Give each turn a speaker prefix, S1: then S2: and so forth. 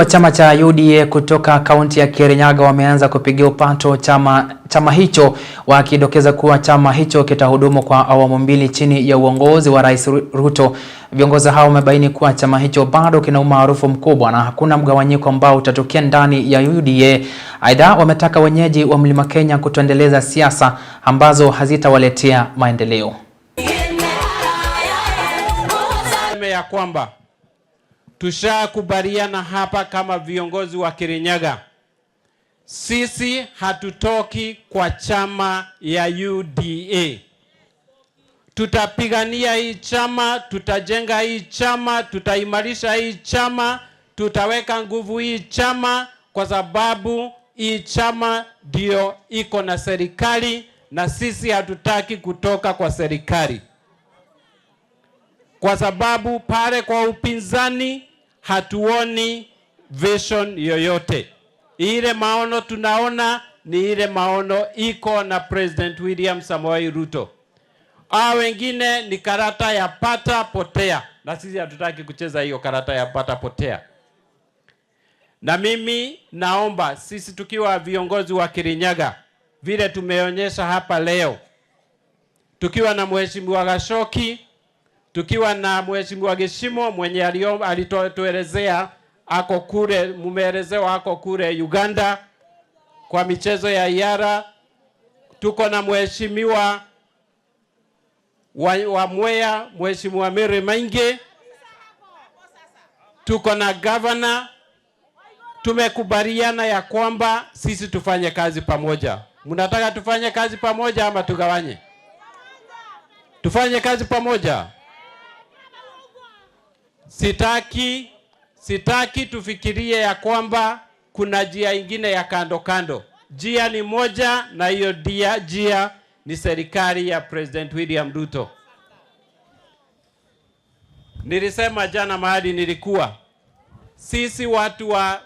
S1: wa chama cha UDA kutoka kaunti ya Kirinyaga wameanza kupiga upato chama, chama hicho wakidokeza kuwa chama hicho kitahudumu kwa awamu mbili chini ya uongozi wa Rais Ruto. Viongozi hao wamebaini kuwa chama hicho bado kina umaarufu mkubwa na hakuna mgawanyiko ambao utatokea ndani ya UDA. Aidha, wametaka wenyeji wa Mlima Kenya kutoendeleza siasa ambazo hazitawaletea maendeleo.
S2: ya kwamba Tushakubaliana hapa kama viongozi wa Kirinyaga, sisi hatutoki kwa chama ya UDA. Tutapigania hii chama, tutajenga hii chama, tutaimarisha hii chama, tutaweka nguvu hii chama, kwa sababu hii chama ndio iko na serikali, na sisi hatutaki kutoka kwa serikali, kwa sababu pale kwa upinzani hatuoni vision yoyote. Ile maono tunaona ni ile maono iko na President William Samoei Ruto. Hao wengine ni karata ya pata potea, na sisi hatutaki kucheza hiyo karata ya pata potea. Na mimi naomba sisi tukiwa viongozi wa Kirinyaga, vile tumeonyesha hapa leo, tukiwa na Mheshimiwa Gashoki tukiwa na mheshimiwa Geshimo mwenye alituelezea ako kule, mumeelezewa ako kule Uganda kwa michezo ya iara. Tuko na mheshimiwa wa, wa Mwea, mheshimiwa Mary Mainge, tuko na gavana. Tumekubaliana ya kwamba sisi tufanye kazi pamoja. Mnataka tufanye kazi pamoja ama tugawanye? Tufanye kazi pamoja. Sitaki, sitaki tufikirie ya kwamba kuna njia ingine ya kando kando. Njia ni moja, na hiyo dia njia ni serikali ya President William Ruto. Nilisema jana mahali nilikuwa, sisi watu wa